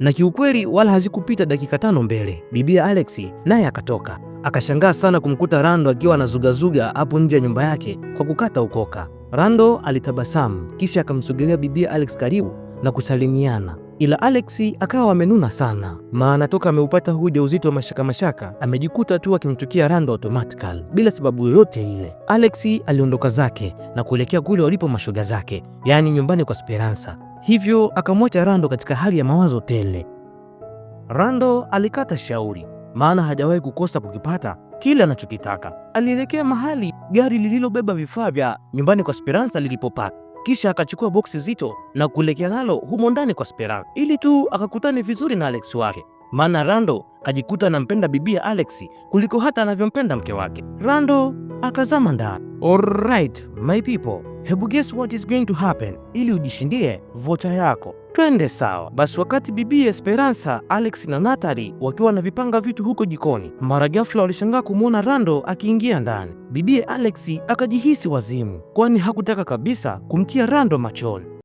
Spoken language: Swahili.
na kiukweli wala hazikupita dakika tano mbele, bibia Alexi naye akatoka. Akashangaa sana kumkuta Rando akiwa anazugazuga hapo nje ya nyumba yake kwa kukata ukoka. Rando alitabasamu kisha akamsogelea bibia Alex karibu na kusalimiana, ila Alexi akawa amenuna sana, maana toka ameupata huu ujauzito wa mashaka mashaka amejikuta tu akimtukia Rando automatical bila sababu yoyote ile. Alexi aliondoka zake na kuelekea kule walipo mashoga zake, yaani nyumbani kwa Speransa hivyo akamwacha Rando katika hali ya mawazo tele. Rando alikata shauri, maana hajawahi kukosa kukipata kile anachokitaka. Alielekea mahali gari lililobeba vifaa vya nyumbani kwa Speranza lilipopaka, kisha akachukua boksi zito na kuelekea nalo humo ndani kwa Speranza ili tu akakutane vizuri na Alex wake, maana Rando kajikuta anampenda bibia Alex kuliko hata anavyompenda mke wake. Rando akazama ndani. Alright my people Hebu guess what is going to happen, ili ujishindie vocha yako. Twende sawa. Basi wakati bibi Esperanza, Alex na Natali wakiwa na vipanga vitu huko jikoni, mara ghafla walishangaa kumwona Rando akiingia ndani. Bibi Alex akajihisi wazimu, kwani hakutaka kabisa kumtia Rando machoni.